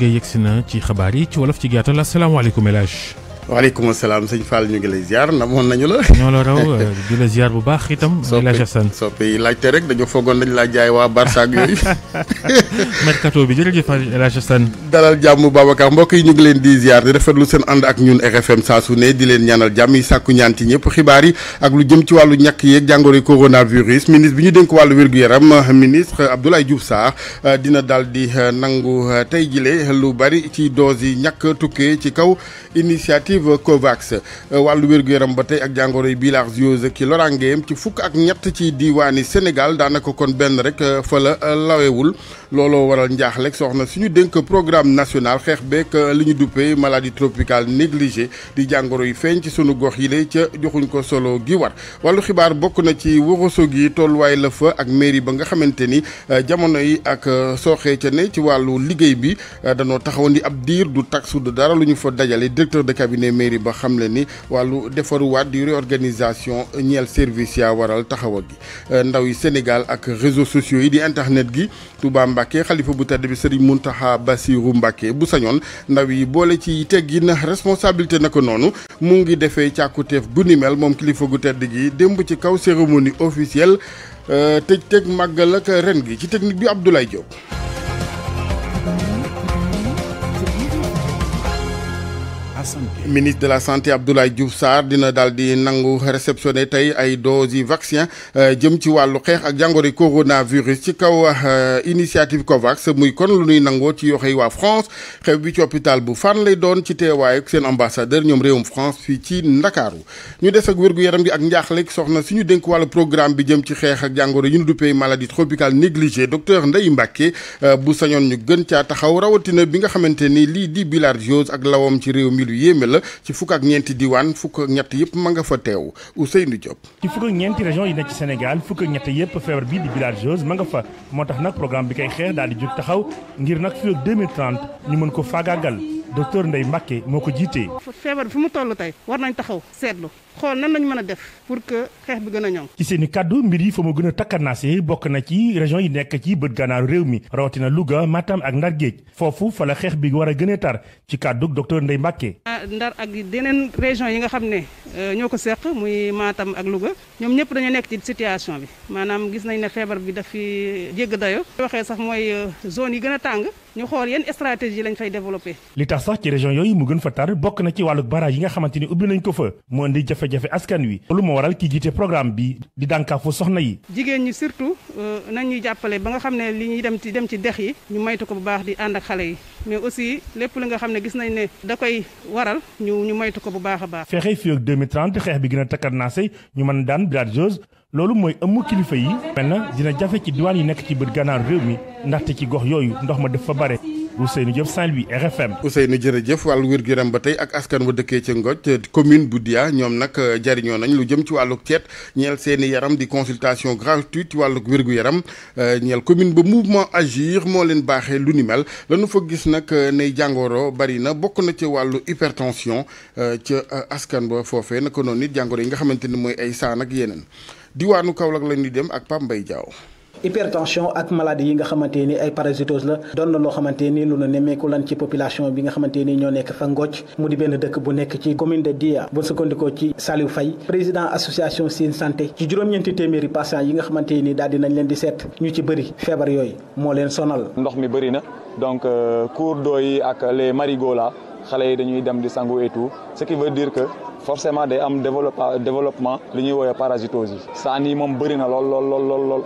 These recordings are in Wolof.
Gueye yegsi na ci xabaar yi ci wolof ci gàttal asalaamaaleykum El Hadj waaleykum salaam sëñ Fall ñu ngi lay ziar namoon nañu la. ñoo la raw euh, di bu baax itam. soppi soppi yi laajte rek dañoo foogoon dañ laa jaay waa Barça ak bi jërëjëf El dalal jàmm Babacar mbokk yi ñu ngi leen di ziar di rafetlu seen ànd ak ñun RFM saa su ne di leen ñaanal jàmm yi sàkku ñaan ci ñëpp xibaar yi ak lu jëm ci wàllu ñàkk yeeg jàngoro coronavirus ministre bi ñu dénk wàllu wér-gu-yaram ministre Abdoulaye Diouf Sarr euh, dina daal di euh, nangu tey jile lu bari ci dose yi ñàkk tukkee ci kaw initiative initiative COVAX euh, wàllu wér-gu-yaram ba tey ak jàngoro yi bilharziose ki lorangeem ci fukk ak ñett ci diiwaani Sénégal daanaka kon benn rek euh, fa la euh, lawewul looloo waral njaaxlek soxna suñu dénk programme national xeex beek li ñu duppee maladie tropicale négligée di jàngoro yi feeñ ci suñu gox yi lay ca joxuñ ko solo gi war wàllu xibaar bokk na ci waxaso gi tolluwaay la fa ak mairie ba nga xamante ni jamono yi ak sooxee ca ne ci wàllu liggéey bi danoo taxawoon di ab diir du taxu du dara lu ñu fa directeur de cabinet mairie ba xamle ni wàllu defaruwaat di réorganisation ñeel service yaa waral taxawa gi euh, ndaw yi Sénégal ak réseaux sociaux yi di internet gi Touba Mbacke xalifa bu tedd bi mun taxa Bassirou Mbacke bu sañoon ndaw yi boole ci teg teggin responsabilité na ko noonu mu ngi defee càkkuteef bu ni mel moom kilifa gu tedd gi démb ci kaw cérémonie officielle euh, tëj teg màggal ak ren gi ci technique bi Abdoulaye Diop. la santé. ministre de la santé Abdoulaye Diouf Sarr dina daal di nangu réceptionné tey ay doses yi vaccin euh, jëm ci wàllu xeex ak jàngoro coronavirus ci kaw euh, initiative COVAX muy kon lu nuy nangoo ci yoxey waa France xew bi ci hôpital bu Fann lay doon ci teewaayu seen ambassadeur ñoom réewum France fii ci Ndakaaru ñu des ak wér-gu-yaram gi ak njaaxlek soxna suñu dénk wàllu programme bi jëm ci xeex ak jàngoro yu ñu duppee maladie tropicale négligée docteur Ndeye Mbacke euh, bu sañoon ñu gën caa taxaw rawatina ni lii di bilharziose yu yéeme la ci fukk ak ñeenti diwaan fukk ak ñett yëpp ma nga fa teew Ousseynou Diop. ci fukk ñeenti région yi nekk ci Sénégal fukk ñett yëpp feebar bi di bilharziose ma nga fa moo tax nag programme bi koy xeex daal di jóg taxaw ngir nag fii ñu mën ko faagaagal docteur Ndeye Mbacke moo ko jiitee. feebar bi fi mu toll tey war nañ taxaw seetlu. xool nan lañ mën a def pour que xeex bi gën a ñoŋ. ci seen i kàddu mbir yi fa mu gën a takkanaase bokk na ci région yi nekk ci bët gànnaaru réew mi rawatina Louga Matam ak Ndar Géej foofu fa la xeex bi war a gën a tar ci kàddu docteur Ndeye Mbacke. Ah, Ndar ak deneen région yi nga xam ne euh, ñoo ko seq muy Matam ak Louga ñoom ñëpp dañu nekk ci situation bi maanaam gis nañ ne feebar bi daf fi jégg dayo waxee sax mooy euh, zone yi gën a tàng. ñu xool yan stratégie lañ fay développé. li tax sax ci région yooyu mu gën fa tar bokk na ci wàllu barrage yi nga xamante ni ubbi nañ ko fa moo di jafe-jafe askan wi loolu moo waral ki jiite programme bi di dànkaafu soxna yi. jigéen ñi surtout euh, nañ ñuy jàppale ba nga xam ne li ñuy dem ci dem ci dex yi ñu maytu ko bu baax di ànd ak xale yi mais aussi lépp li nga xam ne gis nañ ne da koy waral ñu ñu maytu ko bu baax a baax. fexe fii ak 2030 xeex bi gën a takkarnaase ñu mën daan Biradjose loolu mooy ëmm kilifa yi. maintenant dina jafe ci diwaan yi nekk ci bët ganaar réew mi ndaxte ci gox yooyu ndox ma def fa bare. Ousseynou Diop Saint-Louis RFM. Ousseynou jërëjëf wàllu wér gu yaram ba tey ak askan wa dëkkee ca Ngoj commune bu Dia ñoom nag euh, jariñoo nañ lu jëm ci wàllug ceet ñeel seeni yaram di consultation gratuite ci wàllug wér gu yaram euh, ñeel commune ba mouvement agir moo leen baaxee lu ni mel lañu fa gis nag euh, ne jàngoro bari na bokk na ca wàllu hypertension ca askan ba foofee naka noonu nit jàngoro yi nga xamante ni mooy ay saan yeneen. diwaanu Kaolack la ñuy dem ak Pape Mbaye hypertension ak maladie yi nga xamante ni ay parasitose la doon na loo xamante ni lu nu nemmeeku lan ci population bi nga xamante ni ñoo nekk fa Ngocc mu di benn dëkk bu nekk ci commune de Dia bu sukkandikoo ci Saliou Faye président association Sine Santé ci juróom-ñeenti téeméeri patients yi nga xamante ni daal dinañ leen di seet ñu ci bëri feebar yooyu moo leen sonal. ndox mi bëri na donc euh, cours d'eau yi ak les marigots là xale yi dañuy dem di sangu et tout ce qui veut dire que forcément day am développement li ñuy woowee parasitose yi saan yi moom bëri na lool lool lool lool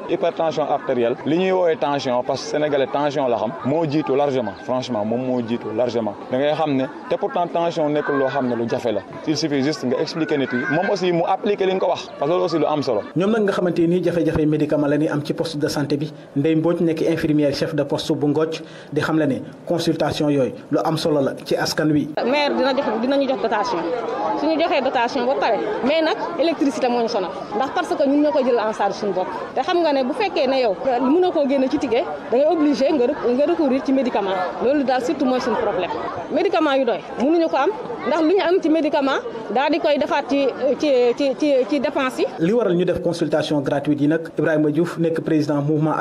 ñuy woowee tension parce que tension la xam moo jiitu largement franchement moom moo jiitu largement da ngay xam ne te pourtant tension nekkul loo xam ne lu jafe la il suffit juste nga expliquer nit yi moom aussi mu appliquer li nga ko wax parce que loolu aussi lu am solo ñoom nag nga xamante ni jafe-jafe médicament maire dina jox dinañu jox dotation joxee dotation ba pare mais nag électricité moo sonal ndax parce que ñun ñoo koy jël en charge suñu bopp te xam nga ne bu fekkee ne yow mënoo koo génne ci ticket da ngay obligé nga nga recourir ci médicament loolu daal surtout mooy suñu problème médicament yu doy mënuñu ko am ndax lu ñu am ci médicament daal di koy defaat ci ci yi. li waral ñu def consultation gratuite yi nag Ibrahima Diouf nekk président mouvement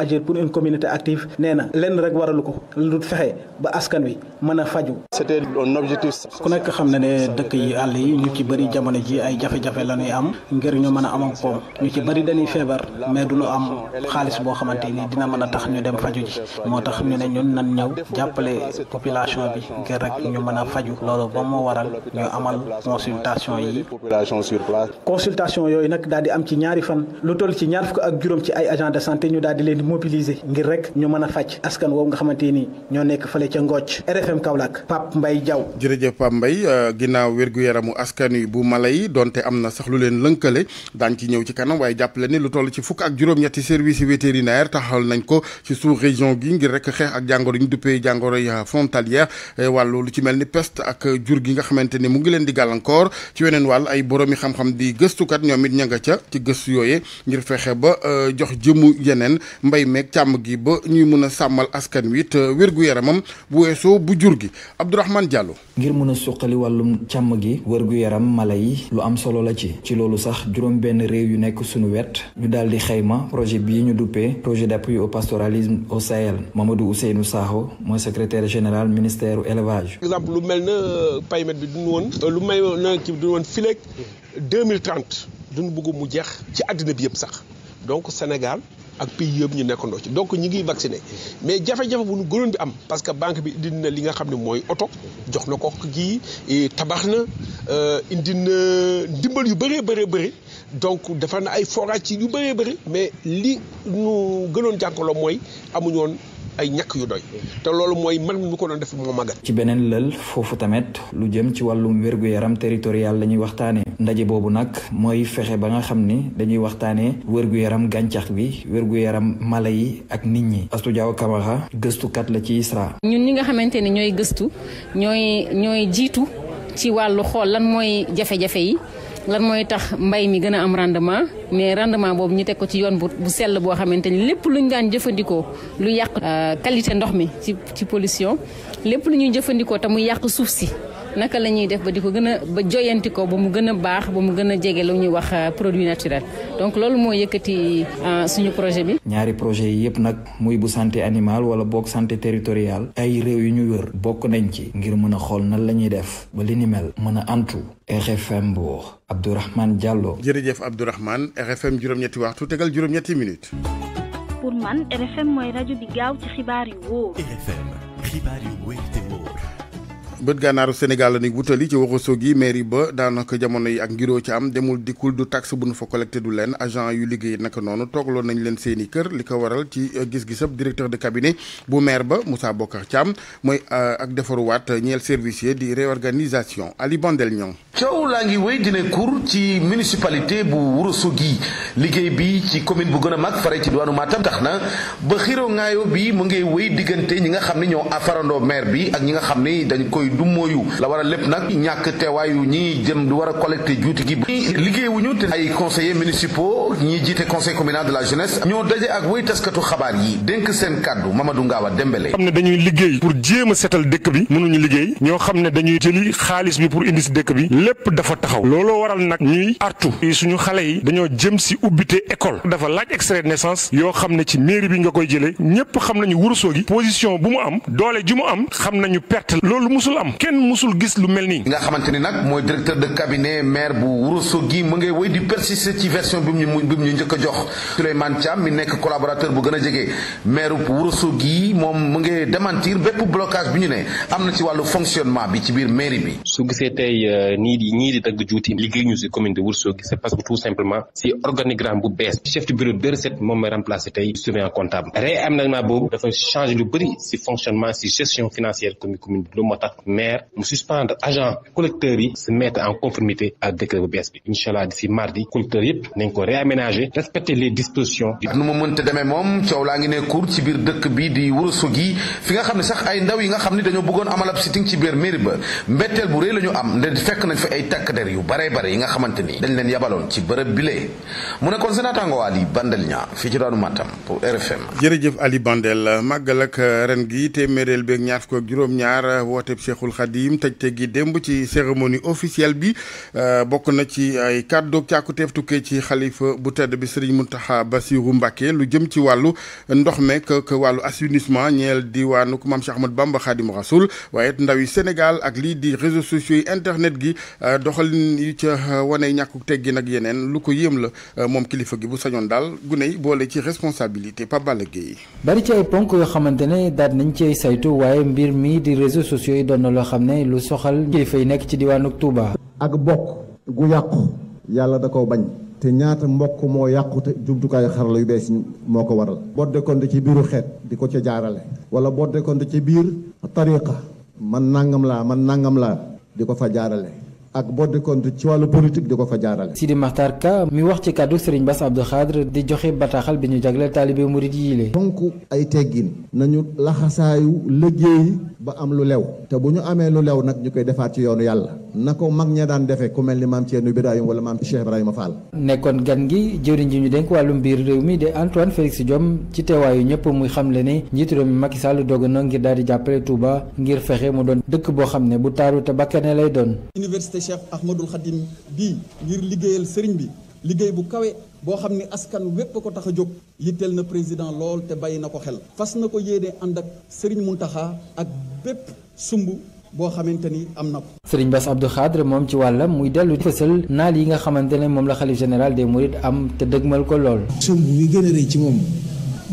un objectif. ku nekk xam ne ne dëkk yi àll yi ñu ci bëri jamono ji ay jafe-jafe la ñuy am ngir ñu mën a am koom ñu ci bëri dañuy feebar mais du ñu am xaalis boo xamante ni dina mën a tax ñu dem faju ji moo tax ñu ne ñun nan ñëw jàppale population bi ngir rek ñu mën a faju loolu ba moo waral ñu amal consultation yi. population sur place. consultation yooyu nag daal di am ci ñaari fan lu toll ci ñaar fukk ak juróom ci ay agent de santé ñu daal di leen di mobiliser ngir rek ñu mën a faj askan woowu nga xamante ni ñoo nekk fële ca Ngooc RFM Kaolack Pape Mbaye Diaw jërëjëf Pape Mbaye euh, ginnaaw wér yaramu askan wi bu mala yi donte am na sax lu leen lënkale daañ ci ñëw ci kanam waaye jàppale ni lu toll ci fukk ak juróom-ñetti service vétérinaire nañ ko ci sous région gi ngir rek xeex ak jàngoro ñu duppee jàngoro yi euh, frontalière wàllu lu ci mel ni peste ak jur gi nga xamante ni mu ngi leen di gàllankoor ci weneen wàll ay boroomi xam-xam di gëstukat ñoom it ña nga ca ci gëstu yooyee ngir fexe ba euh, jox jëmu yeneen mbay meeg càmm gi ba ñuy mun a sàmmal askan wi it wér yaramam bu weesoo bu jur gi Abdourahmane jàll ngir mën a suqali wàllum càmm gi wërgu-yaram mala yi lu am solo la ci ci loolu sax juróom benn réew yu nekk sunu wet ñu daal di xayma projet bii ñu duppee projet d'appui au pastoralisme au Sahel Mamadou Ousseynou Sakho mooy secrétaire général ministère élevage exemple lu mel na paiement bi duñu woon lu may na kii bi duñu woon fileeg 2030 duñu bëgg mu jeex ci àddina bi yëpp sax donc Sénégal ak pays yëpp ñu nekkandoo ci donc ñi ngi vacciné mais jafe-jafe bu nu gënoon bi am parce que banque bi indi na li nga xam ne mooy oto jox na ko kii tabax na euh, indi na ndimbal yu bëree bëree bëri donc defar na ay forage ci yu bëree bëri mais li nu gënoon jànkaloo mooy amuñoon ay ñàkk yu doy te loolu mooy man ñu ko doon def moo màggat ci beneen lël foofu tamit lu jëm ci wàllum wér-gu-yaram territorial la ñuy waxtaanee ndaje boobu nag mooy fexe ba nga xam ni dañuy waxtaanee wér-gu-yaram gàncax bi wér-gu-yaram mala yi ak nit ñi Astou Diaw Camara gëstukat la ci ISRA ñun li nga xamante ni ñooy gëstu ñooy ñooy jiitu ci wàllu xool lan mooy jafe-jafe yi lan mooy tax mbay mi gën a am rendement mais rendement boobu ñu teg ko ci yoon bu bu sell boo xamante ni lépp lu ñu daan jëfandikoo lu yàq euh, qualité ndox mi ci ci pollution lépp lu ñuy jëfandikoo te mu yàq suuf si naka la ñuy def ba di ko gën a ba joyanti ko ba mu gën a baax ba mu gën a jege lu ñuy wax euh, produit naturel donc loolu moo yëkkati euh, suñu projet bi. ñaari projet yi yëpp nag muy bu santé animal wala boog santé territoriale ay réew yu ñu wër bokk nañ ci ngir mën a xool nan la ñuy def ba li ni mel mën a antu RFM Mbour Abdourahmane Diallo. jërëjëf Abdourahmane RFM juróom-ñetti man RFM mooy rajo bi gaaw ci xibaar yu bët gànnaaru Sénégal la ni wutali ci Ourossogui yi mairie ba daanaka jamono yi ak ngiroo ci am demul dikkul du taxe bu nu fa collecté du leen agent yu liggéey naka noonu toogloon nañ leen seeni kër li ko waral ci euh, gis-gisab directeur de cabinet bu maire ba Moussa Bokar Thiam mooy euh, ak defaruwaat ñeel service di réorganisation Ali Bandel coow laa ngi wéy dina cour ci municipalité bu Ourossogui liggéey bi ci commune bu gën a mag fare ci diwaanu Matam tax na du mooyu la war a lépp nag ñàkk teewaayu ñi jëm du war a collecté juuti gi ñi liggéeyuñu te ay conseillers municipaux ñi jiite conseil communal de la jeunesse ñoo daje ak way xabaar yi dénk seen kàddu Mamadou Ngawa Dembélé xam ne dañuy liggéey pour jéem a setal dëkk bi mënuñu liggéey ñoo xam ne dañuy jëli xaalis bi pour indi si dëkk bi lépp dafa taxaw looloo waral nag ñuy artu suñu xale yi dañoo jëm si ubbite école dafa laaj extrait de yoo xam ne ci mairie bi nga koy jëlee ñëpp xam nañu wurusoo gi position bu mu am doole ju mu am xam nañu perte loolu musul am kenn musul gis lu mel nii. nga xamante ni nag mooy directeur de cabinet maire bu Ourossogui mu ngay wéy di persister ci version bi mu ñu bi ñu njëkk jox Souleymane Thiam mi nekk collaborateur bu gën a jege maire bu Ourossogui moom mu ngay démentir bépp blocage bi ñu ne am na ci wàllu fonctionnement bi ci biir mairie bi. su gisee tey euh, nii di ñii di dagg juuti liggéey ñu si commune de Ourossogui c'est parce que tout simplement si organigramme bu bees chef du de recette moom mooy remplacé tey surveillant comptable réaménagement boobu dafa lu bëri si fonctionnement si gestion financière commune commune tax maire mu suspendre agent collecteur yi se mettre en conformité ak décret bu bees bi incha allah d'ici mardi collecteurs yëpp nañ ko réaménager respecter les dispositions. nu ma mënta demee moom coow laa ngi ne cour ci biir dëkk bi di Ourossogui fi nga xam ne sax ay ndaw yi nga xam ne dañoo bëggoon amal ab sitting ci biir mairie ba mbetteel bu rëy la ñu am nde fekk nañ fa ay takk der yu bare bare yi nga xamante ni dañ leen yabaloon ci bërëb bile mu nekkoon seen atangowaal yi bandel ñaa fii ci daanu Matam pour jërëjëf Ali Bandel màggal ren gi téeméeréel beeg ñaar fukk ñaar woote Cheikhul Khadim tëjte gi démb ci cérémonie officielle bi euh, bokk na ci ay kàddu càkkuteef tukkee ci xalifa bu tedd bi Serigne Mountakha Bassirou Mbacké lu jëm ci wàllu ndox meek que wàllu assainissement ñeel diwaanu Maam Cheikh Ahmad Bamba Khadim Rasoul waaye it ndaw yi Sénégal ak lii di réseaux sociaux yi internet gi euh, doxalin yu ca euh, wane ñàkku gi nag yeneen lu ko yéem la moom kilifa gi bu sañoon daal gune yi boole ci responsabilité Pape Balla Gueye bari ci ay ponk na loo xam ne lu soxal kilifa yi nekk ci diwaanu Touba. ak bokk gu yàqu yàlla da koo bañ te ñaata mbokk moo yàqu te jumtukaayu xarala yu bees moo ko waral da ci biiru xeet di ko ca jaarale wala da ci biir tariqa man nangam laa man nangam laa di ko fa jaarale ak bodd compte ci wàllu politique di ko fa jaarale. Sidi Makhtar Ka mi wax ci kàddu Serigne Bass Abdou Khadre di joxe bataaxal bi ñu jagleel taalibe murid yi le donc ay teggin nañu laxasaayu liggéey ba am lu lew te bu ñu amee lu lew nag ñu koy defaat ci yoonu yàlla. na ko mag ña daan defee ku mel ni maam Thierno Birahim wala maam Cheikh Ibrahima Fall. nekkoon gan gi jëwriñ ji ñu dénk wàllum biir réew mi de Antoine Félix Diome ci teewaayu ñëpp muy xamle ne njiitu réew mi Macky Sall doog na ngir daal di jàppale Touba ngir fexe mu doon dëkk boo xam ne bu taaru te bakkane lay doon. université Cheikh Ahmadoul Khadim bii ngir liggéeyal sëriñ bi liggéey bu kawe. boo xam ni askan wépp ko tax a jóg yitteel na président lool te bàyyi na ko xel fas na ko yéene ànd ak Serigne Mountakha ak bépp sumb boo xamante ni am na ko. Serigne Bass Abdou Khadre moom ci wàllam muy dellu fësal naal yi nga xamante ne moom la xalif général de Mourides am te dëgmal ko lool. sumb bi gën a rëy ci moom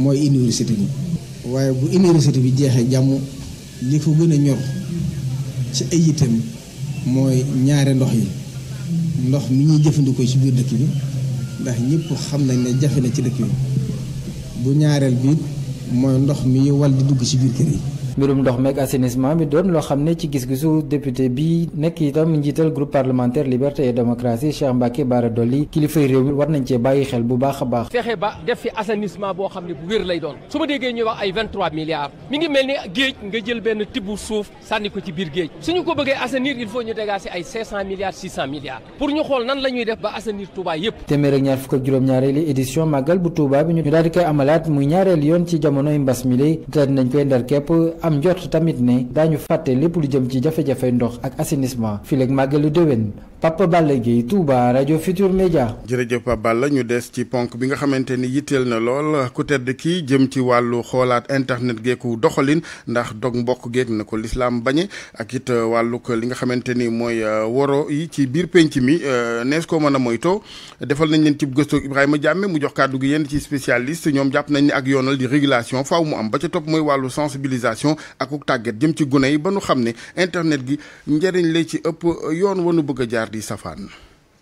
mooy université bi. waaye bu université bi jeexee jàmm li ko gën a ñor ci ay itam mooy ñaare ndox yi ndox mi ñuy jëfandikoo ci biir dëkk bi ndax ñëpp xam nañ ne jafe na ci dëkk bi bu ñaareel bi mooy ndox mi wal di dugg ci biir kër yi. mbirum ndox meeg assainissement bi doon loo xam ne ci gis-gisu député bi nekk itam njiital groupe parlementaire liberté et démocratie Cheikh Mbacké Bara Dolly kilifay réew war nañ cee bàyyi xel bu baax a baax. fexe ba def fi assainissement boo xam ne bu wér lay doon su ma déggee ñuy wax ay 23 milliards mi ngi mel ni géej nga jël benn tibbu suuf sànni ko ci biir géej ñu ko bëggee assainir il faut ñu dégager ay 500 milliards 600 milliards pour ñu xool nan la ñuy def ba assainir Touba yëpp. téeméer ak bu Touba bi ñu daal di koy amalaat muy ñaareel mi lay am njort tamit ne daañu fàtte lépp lu jëm ci jafe-jafe ndox ak assainissement fileeg màggalu déwén Papa Balla Gueye Touba rajo Futur Média. jërëjëf Papa Balla ñu des ci ponk bi nga xamante ni yitteel na lool ku tedd kii jëm ci wàllu xoolaat internet geeku doxalin ndax dog mbokk geek na ko lislaam bañe ak wàllu uh, wàllug li nga xamante ni mooy uh, woro yi ci biir penc mi uh, nees koo mën a moytoo defal nañ leen ci gëstu Ibrahima Diame mu jox kàddu gi yenn ci spécialiste ñoom jàpp nañ ni ak yoonal di régulation faaw mu am ba ca topp mooy wàllu sensibilisation ak tàggat jëm ci gune yi ba xam ne internet gi njëriñ la ci ëpp yoon wanu bëgg a jaar. di safaan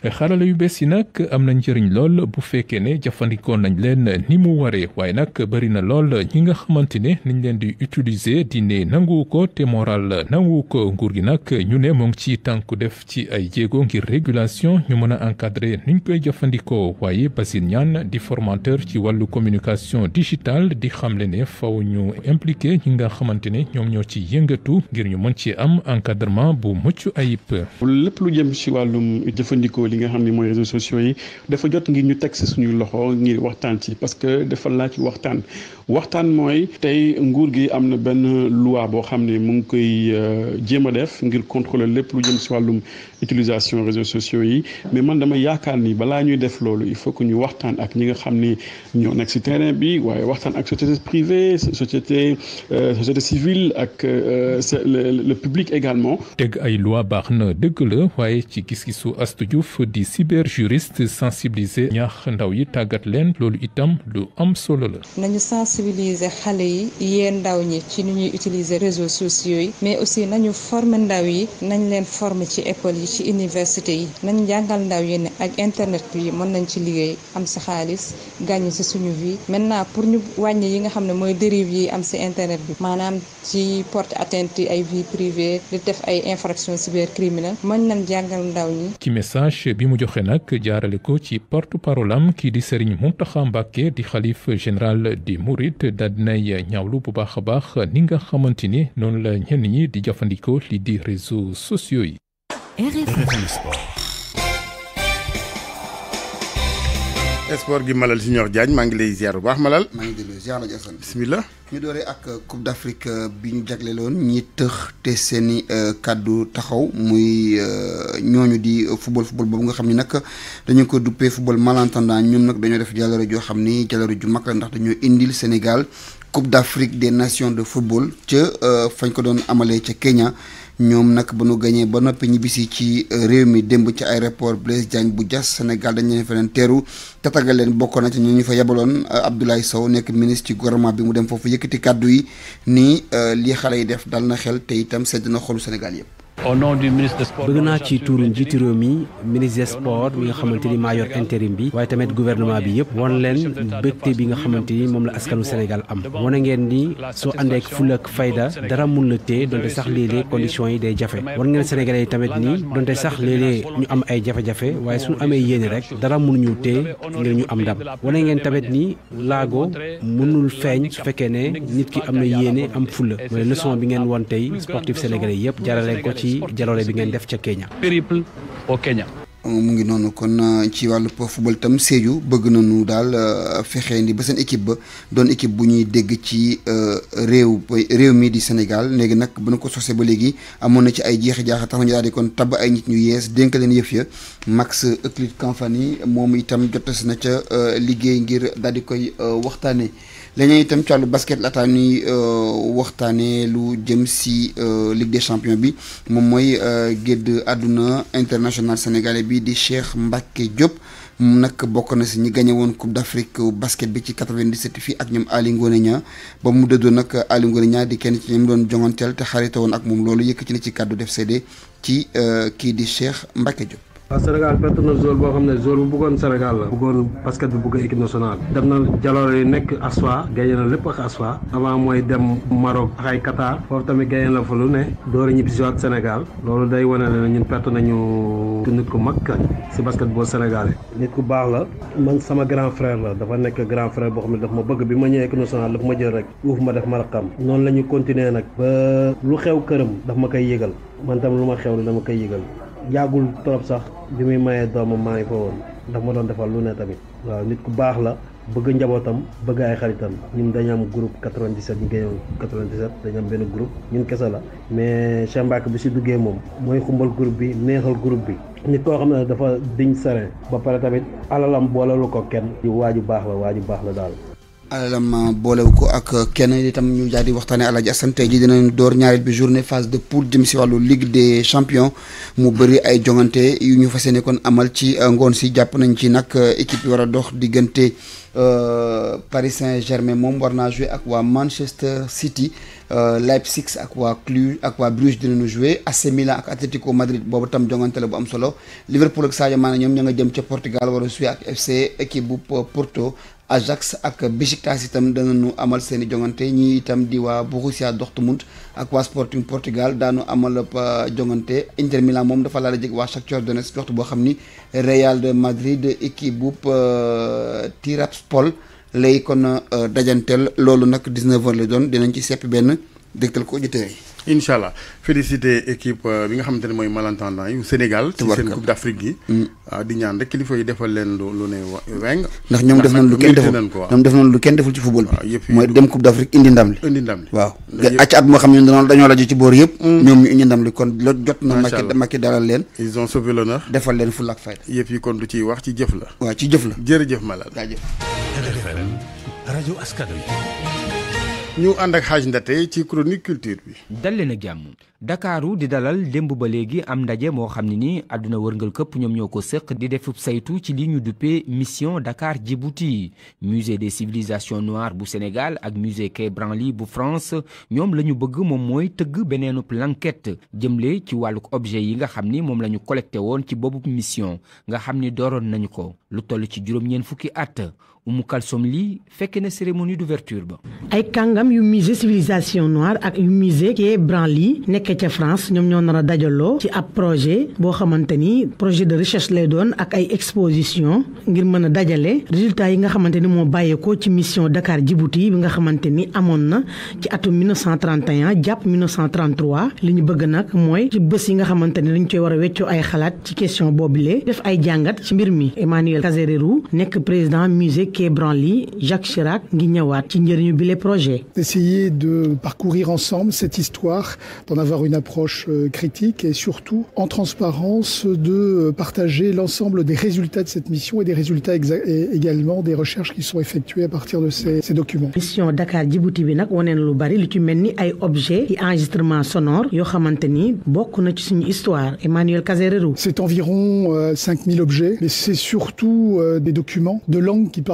E xarala yu bees yi nag am na njëriñ lool bu fekkee ne jafandikoo nañ leen ni mu waree waaye nag bëri na lool ñi nga xamante ne niñ leen di utiliser di ne nanguwu ko te moral nangu ko nguur gi nag ñu ne moo ngi ci tànku def ci ay jéego ngir régulation ñu mën a encadrer niñ koy jëfandikoo waaye Basile Niane di formateur ci wàllu communication digitale di xam xamle ne faw ñu impliqué ñi nga xamante ne ñoom ñoo ci yëngatu ngir ñu mën ci am encadrement bu mucc ayib. lépp lu jëm wàllum jëfandikoo li nga xam ne mooy réseaux sociaux yi dafa jot ngir ñu teg si suñuy loxo ngir waxtaan ci parce que dafa laaj waxtaan waxtaan mooy tey nguur gi am na benn loi boo xam ne mu ngi koy euh, jéem a def ngir contrôler lépp lu jëm si wàllum utilisation réseaux sociaux yi mais man dama yaakaar ni balaa ñuy def loolu il faut que ñu waxtaan ak ñi nga xam ni ñoo nekk ci terrain bi waaye waxtaan ak société privée société euh, société civile ak euh, le public également. teg ay loi baax na dëgg la waaye ci gis-gisu Astou Diouf di cyber juriste sensibiliser ñaax ndaw yi tàggat leen loolu itam lu am solo la. nañu sensibiliser xale yi yéen ndaw ñi ci ni ñuy utiliser réseaux sociaux yi mais aussi nañu former ndaw ci université yi nañ jàngal ndaw yi ne ak internet bi mën nañ ci liggéey am sa xaalis gàññ si suñu vie maintenant pour ñu wàññi yi nga xam ne mooy dérive yi am si internet bi maanaam ci porte atteinte ay vie privée di def ay infraction cybercriminel mën nañ jàngal ndaw ñi ci message bi mu joxe nag jaarale ko ci porte parole am kii di Serigne Mountakha Mbacké di xalif général di Mouride daal dinay ñaawlu bu baax a baax ni nga xamante ni noonu la ñenn ñi di jëfandikoo li di réseaux sociaux yi RFM Sport. sport gi Malal Junior Diagne maa ngi lay ziar bu baax Malal. maa ngi delloo ziar ak Assane. bisimilah. ñu dooree ak Coupe d'Afrique euh, bi ñu jagleeloon ñi tëx te seeni euh, kàddu taxaw muy euh, ñooñu di football football boobu nga xam ni nag dañu ko duppee football malentendant ñoom nag dañoo def jaloore joo xam ni jaloore ju mag ndax dañoo indil Sénégal Coupe d'Afrique des nation de football ca fañ ko doon amalee ca Kenya. ñoom nag ba nu gañee ba noppi ñibbisi ci euh, réew mi démb ci aéroport Blaise Diagne bu Diass Sénégal dañu leen fa leen teeru tatagal leen bokkoon na ci ñu ñu fa yebaloon euh, Abdoulaye Sow nekk ministre ci gouvernement bi mu dem foofu yëkkati kàddu yi nii euh, lii xale yi def dal na xel te itam sedd na xolu Sénégal yëpp. au nom du ministre des sports bëgg naa ci tuuru njiitu réew ministre des sports nga xamante ni maa yor intérim bi waaye tamit gouvernement bi yëpp wan leen bëgte bi nga xamante ni moom la askanu Sénégal am wane ngeen ni soo àndeek fula ak fayda dara mun la te donte sax léeg-léeg conditions yi day jafe wan ngeen Sénégalais yi tamit ni donte sax léeg ñu am ay jafe-jafe waaye suñu amee yéene rek dara munu mënuñu tee ngir ñu am ndam wane ngeen tamit ni laago mënul feeñ su fekkee ne nit ki am na yéene am fula mooy leçon bi ngeen won tey sportif sénégalais yëpp jaarale ko ci ci bi ngeen def ca Kenya. périple au Kenya. Euh, mu ngi noonu kon euh, ci wàllu football tam Sédhiou bëgg nañu daal euh, fexe ni ba seen équipe ba doon équipe bu ñuy dégg ci réew réew mi di Sénégal léegi nag bu ñu ko sosee ba léegi amoon na ci ay jeex jaaxa tax nañu daal di kon tabb ay nit ñu yees dénk leen yëf ya Max Euclide Kamfani moom itam si na ca liggéey ngir daal di koy waxtaanee. lañuy itam ci wàllu basket laataa ñuy euh, waxtaanee lu jëm si euh, Ligue des champions bi moom mooy euh, gédd àdduna international sénégalais bi di Cheikh Mbacké Diop moom nak bokk na si ñi gagné woon Coupe d'Afrique basket bi ci 97 fii ak ñoom Aly Ngouille Niang ba mu dëddoon nag Aly Ngouille Niang di kenn ci ñoom doon jonganteel te xarite woon ak moom loolu yëkkati na ci kàddu def seede ci kii di Cheikh Mbacké Diop. waaw Sénégal perte na zone boo xam ne zone bu bëggoon Sénégal la bëggoon basket bi bëgg a nationale dem na jaloore yi nekk asfa gañe na lépp ak asfa avant mooy dem Maroc ay Qatar foofu tamit gañe la fa lu ne door a ñibbi si waat Sénégal loolu day wane ne ñun perte nañu ku nit ku mag si basket boo Sénégalais. nit ku baax la man sama grand frère la dafa nekk grand frère boo xam ne daf ma bëgg bi ma ñëwee équipe nationale daf ma jël rek uuf ma def ma raqam noonu la ñu continuer nag ba xew këram daf ma koy yëgal man tam lu ma xew la dama koy yëgal yàggul trop sax bi muy mayee doomam maa ngi fa woon ndax ma doon defal lu ne tamit waaw nit ku baax la bëgg njabootam bëgg ay xaritam ñun dañu am groupe 97 ñu génnoon 97 dañu am benn groupe ñun kese la mais Cheikh Mbacke bi si duggee moom mooy xumbal groupe bi neexal groupe bi nit koo xam ne dafa diñ serein ba pare tamit alalam boolalu ko kenn waa ju baax la waa ju baax la daal alalam boolewu ko ak kenn tam ñu jaar di waxtaanee Alaaji Assane tey ji dinañ door ñaareel bi journée phase de poule jëm si wàllu Ligue des champions mu bëri ay jongante yu ñu fas yéene kon amal ci euh, ngoon si jàpp nañ ci nag euh, équipe yi war a dox diggante euh, Paris Saint-Germain moom war naa jouer ak waa Manchester City Leipzig ak waa Cluj ak waa Bruges dinañu jouer AC Milan ak Atlético Madrid boobu tam jongante la bu am solo Liverpool ak Sadio Mané ñoom ña nga jëm ca Portugal war a jouer ak FC équipe bu Porto. Ajax ak Besiktas itam danañu amal seen i jongante ñi itam di waa Borussia Dortmund ak waa Sporting Portugal daanu amal euh, jongante Inter Milan moom dafa laal a jég waa Shakhtar Donetsk waxtu boo xam ni Real de Madrid équipe bu euh, Tiraspol lay kon euh, dajanteel loolu nag 19h lay doon dinañ ci seppi benn dégtal ko auditeurs yi. incha allah félicité équipe euh, bi nga xamante ne mooy malentendant yu Sénégal. ci seen coupe d' Afrique yi. Mm. Ah, di ñaan rek kilifa yi defal leen lu lu ne weng. ndax ñoom def nañ lu kenn deful ñoom def nañ lu kenn deful ci football bi. Ah, mooy dem coupe d' Afrique indi ndam li. indi ndam li waaw. acc at moo xam ne dañoo laaj ci boor yëpp. Mm. ñoom ñu indi ndam li kon loolu jot na. macha dalal leen. ils ont sauvé l'honneur. defal leen fulla ak fayda. yëf yi kon du ciy wax ci jëf la. waa ci jëf la. jërëjëf Malal. jaajëf. RFM rajo askan ñu ànd ak xaaj ndate ci chronique culture bi. dal leen ak jàmm Dakaaru di dalal démb ba léegi am ndaje moo xam ne ni àdduna wërngal këpp ñoom ñoo ko sëq di defub saytu ci li ñu duppee mission Dakar Djibouti musée de civilisations noires bu Sénégal ak musée Quai Branly bu France ñoom la ñu bëgg moom mooy tëgg beneenub l'enquête jëmle ci wàlluk objet yi nga xam ni moom la ñu collecté woon ci boobu mission nga xam ni dooroon nañu ko lu toll ci juróom-ñeent fukki at. Oumou Kalsom Ly fekke na cérémonie d'ouverture ba. ay kàngam yu musée civilisation noire ak yu musée Quai Branly nekkee ca France ñoom ñoo na a dajaloo ci ab projet boo xamante ni projet de recherche lay doon ak ay exposition ngir mën a dajale résultats yi nga xamante ni moo ko ci mission Dakar Djibouti bi nga xamante ni amoon na ci atum 1931 jàpp 1933 li ñu bëgg nag mooy ci bés yi nga xamante ni dañ koy war a weccoo ay xalaat ci question boobule def ay jàngat ci mbir mi Emmanuel Kazererou nekk président Mickey Branly, Jacques Chirac ci njëriñu bile projet. Essayer de parcourir ensemble cette histoire, d'en avoir une approche euh, critique et surtout en transparence de euh, partager l'ensemble des résultats de cette mission et des résultats et également des recherches qui sont effectuées à partir de ces, documents. Mission Dakar Djibouti bi nag waneen lu bari lu ci mel ni ay objets et enregistrement sonore yoo xamante ni bokk na ci suñu histoire Emmanuel Kazerero. C'est environ 5000 euh, objets mais c'est surtout des documents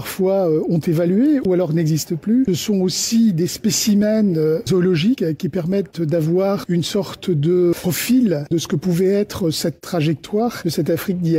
parfois euh, ont évalué ou alors n'existent plus. Ce sont aussi des spécimens euh, zoologiques euh, qui permettent d'avoir une sorte de profil de ce que pouvait être cette trajectoire de cette Afrique d'il y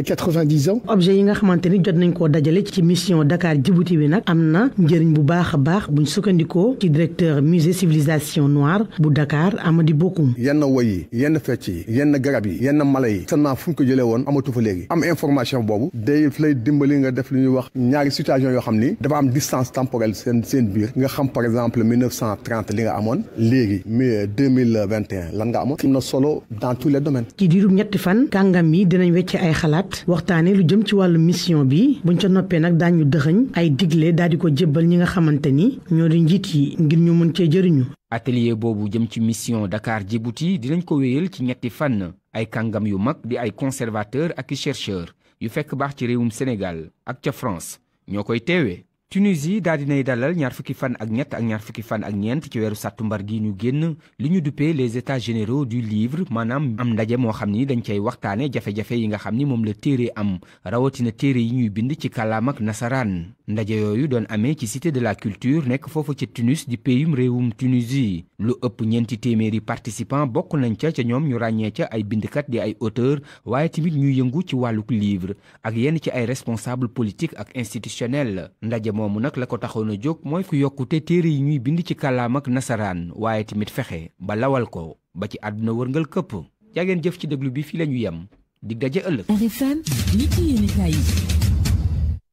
ans. objet yi nga xamante ni jot nañ koo dajale ci mission Dakar Djibouti bi nag am na njëriñ bu baax a baax buñ sukkandikoo ci directeur musée civilisation noire bu Dakar Amady Bokoum. yenn woy yi yenn fecc yi yenn garab yi yenn mala yi seulement fu ñu ko jëlee woon amatu fa léegi am information boobu day lay nga def lu ñuy wax ñaari yoo xam ni dafa am distance temporelle seen seen biir nga xam par exemple mille neuf cent trente li nga amoon léegi mais mille vingt et un lan nga amoon am na solo dans tous les ci diirum ñetti fan kàngam yi dinañ wecce ay xalaat waxtaane lu jëm ci wàllu mission bi buñ ca noppee nag daañu dëxëñ ay digle daal di ko jébbal ñi nga xamante ni ñoo di njiit yi ngir ñu mën cee jëriñu atelier boobu jëm ci mission Dakar Djibouti dinañ ko wéyal ci ñetti fan ay kàngam yu mag di ay conservateur ak i yu fekk baax ci réewum Sénégal ak ca France ñoo koy teewee Tunisie daal dinay dalal ñaar fukki fan ak ñett ak ñaar fukki fan ak ñeent ci weeru sàttumbar gi ñu génn li ñu duppee les états généraux du livre maanaam am ndaje moo xam ni dañ cay waxtaane jafe-jafe yi nga xam ni moom la téere am rawatina téere yi ñuy bind ci kàllaam nasaraan ndaje yooyu doon amee ci cité de la culture nekk foofu ca Tunis di péyum réewum Tunisie lu ëpp ñeenti téeméeri participants bokk nañ ca ca ñoom ñu ràññee ca ay bindkat di ay auteur waaye tamit ñuy yëngu ci wàlluk livre ak yenn ci ay responsable politique ak institutionnel ndaje moomu nag la ko taxoon a jóg mooy ku yokkute téere yi ñuy bind ci kàllaam nasaraan waaye tamit fexe ba lawal ko ba ci àdduna wërngal këpp jageen jëf ci déglu bi fi lañu yem di daje ëllëg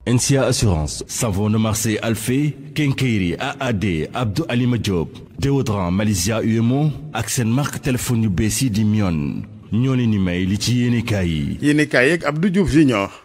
NCA Assurance Savon de Marseille Alphé Kenkeyri AAD Abdou Alima Diop déodorant Malaysia UMO ak seen marque téléphone yu bees yi di Mion ñoo leen ni may li ci yéenekaay yi yéenekaay yeeg Abdou Diouf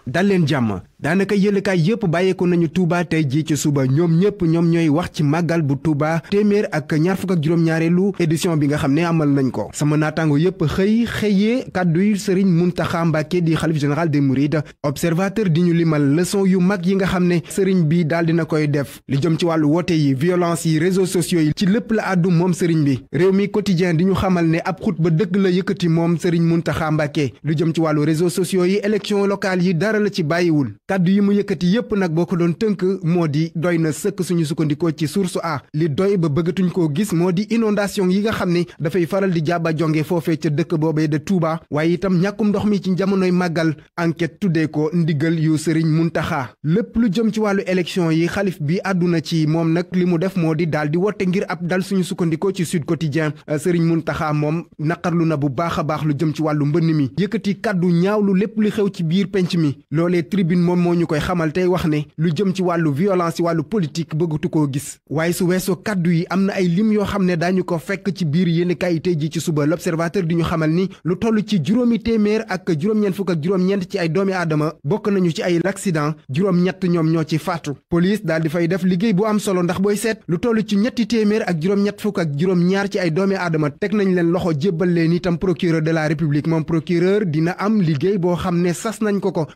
dal leen jàmm daanaka yëlekaay yëpp bàyyeeku nañu Touba tey jii ci suba ñoom ñëpp ñoom ñooy wax ci màggal bu Touba téeméer ak ñaar fukk ak juróom-ñaareelu édition bi nga xam ne amal nañ ko sama naataango yëpp xëy xëyee kàdduy Serigne Mountakha Mbacké di xalif général des Mourides observateur di ñu limal leçon yu mag yi nga xam ne Serigne bi daal dina koy def li jëm ci wàllu woote yi violence yi réseaux sociaux yi ci lépp la àddu moom Serigne bi réew mi quotidien di ñu xamal ne ab xutba dëgg la yëkkati moom Serigne Mountakha Mbacké lu jëm ci wàllu réseaux sociaux yi élection locale yi dara la ci bàyyiwul kàddu yi mu yëkkati yépp nag boo ko doon tënk moo di doy na sëkk suñu sukkandikoo ci source a li doy ba bëggatuñ koo gis moo di inondation yi nga xam ne dafay faral di jaaba jonge foofee ca dëkk boobee de Touba waaye itam ñàkkum ndox mi ci jamonoy màggal enquête tuddee ko ndigal yu sëriñ taxaa lépp lu jëm ci wàllu élection yi xalif bi àdduna ci moom nag li mu def moo di daal di wote ngir ab dal suñu sukkandikoo ci Sud Quotidien euh, sëriñ Muntaxa moom naqarlu na bu baax a baax lu jëm ci wàllu mbënn mi yëkkati kàddu ñaawlu lépp li xew ci biir penc mi moom moo ñu koy xamal tey wax ne lu jëm ci wàllu violence ci wàllu politique bëggatu koo gis waaye su weesoo kàddu yi am na ay lim yoo xam ne daañu ko fekk ci biir yéenekaay yi tey ji ci suba l'observateur di ñu xamal ni lu toll ci juróomi téeméer ak juróom-ñeent fukk ak juróom-ñeent ci ay doomi aadama bokk nañu ci ay l'accident juróom-ñett ñoom ñoo ci faatu police daal di fay def liggéey boo am solo ndax booy seet lu toll ci ñetti téeméer ak juróom-ñett fukk ak juróom-ñaar ci ay doomi aadama teg nañ leen loxo jébbal leen itam procureur de la république moom procureur dina am liggéey boo xam ne sas nañ ko ko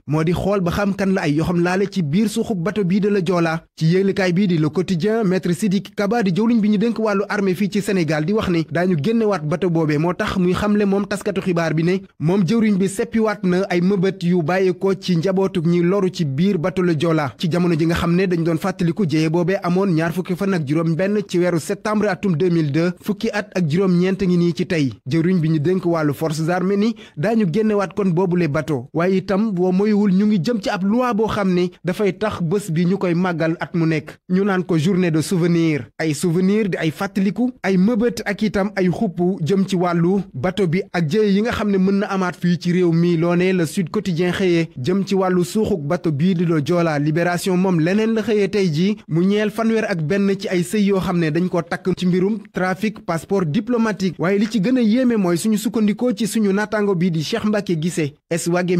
bakkan la ay yoo xam laale ci biir suuxu bato bii de la Joola ci yéenekaay bii di Le Quotidien maître Sidiki Kaba di jëwriñ bi ñu dénk wàllu armée fii ci Sénégal di wax ni daañu génnewaat bato boobee moo tax muy xamle moom taskatu xibaar bi ne moom jëwriñ bi seppiwaat na ay mëbët yu bàyyeekoo ci njabootuk ñi loru ci biir bato la Joola ci jamono ji nga xam ne dañ doon fàttaliku jéye boobee amoon ñaar fukki fan ak juróom benn ci weeru septembre atum 2002 fukki at ak juróom ñeent ngi nii ci tey jëwriñ bi ñu dénk wàllu forces armées ni daañu génnewaat kon boobule bato waa boo xam ni dafay tax bés bi ñu koy màggal at mu nekk ñu naan ko journée de souvenir ay souvenir di ay fàttaliku ay mëbët ak itam ay xupp jëm ci wàllu bato bi ak jëye yi nga xam ne mën na amaat fii ci réew mi loone le Sud Quotidien xëyee jëm ci wàllu suuxuk bato bii di la Joola Libération moom leneen la xëyee tey jii mu ñeel fanweer ak benn ci ay sëy yoo xam ne dañ ko takk ci mbirum trafic passeport diplomatique waaye li ci gën a yéeme mooy suñu sukkandikoo ci suñu naataango bi di Cheikh Mbacke Guissé es wage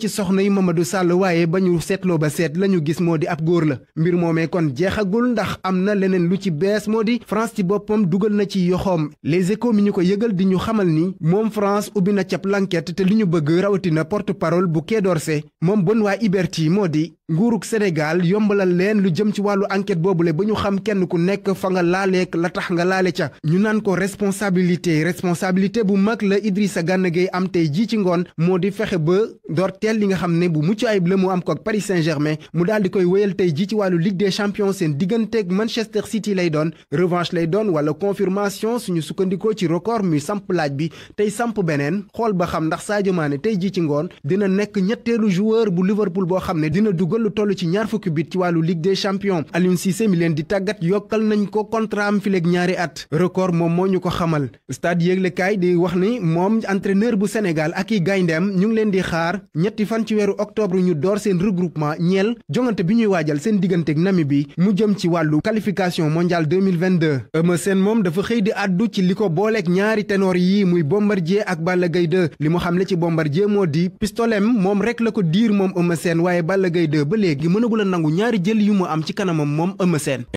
ci soxna yi Mamadou Sall waaye ba ñu seetloo ba seet la ñu gis moo di ab góor la mbir moomee kon jeexagul ndax am na leneen lu ci bees moo di France ci boppam dugal na ci yoxoom les échos mi ñu ko yëgal di ñu xamal ni moom France ubbi na cab l'enquête te li ñu bëgg rawatina porte parole bu Quai d'Orsay moom bon waa Liberté moo di nguurug Sénégal yombalal leen lu jëm ci wàllu boobu boobule ba ñu xam kenn ku nekk fa nga laaleek la tax nga laale ca ñu naan ko responsabilité responsabilité bu mag la sa Gana Gueye am tey jii ci ngoon moo di fexe ba ndorteel li nga xam ne bu mucc ayib la mu am ko ak Paris Saint-Germain mu daal di koy wéyal tey jii ci wàllu Ligue des champions seen digganteek Manchester City lay doon revanche lay doon wala confirmation suñu sukkandikoo ci record muy samp laaj bi tey samp beneen xool ba xam ndax Sadio Mané tey jii ci ngoon dina nekk ñetteelu joueur bu Liverpool boo xam ne dina dugal dugal lu toll ci ñaar fukki bit ci wàllu Ligue des champions Aliou Cissé mi leen di tàggat yokkal nañ ko contrat am fileeg ñaari at record moom moo ñu ko xamal stade yëglekaay di wax ni moom entraîneur bu Sénégal ak i gayndeem ñu ngi leen di xaar ñetti fan ci weeru octobre ñu door seen regroupement ñeel jongante bi ñuy waajal seen digganteeg Namibie mu jëm ci wàllu qualification mondiale 2022 Eumeu Sène moom dafa xëy di àddu ci li ko booleeg ñaari ténor yi muy mu xamle ci Bombardier moo di pistolem moom ba léegi mënagul a nangu ñaari jël yu mu am ci kanamam moom Eumeu Sène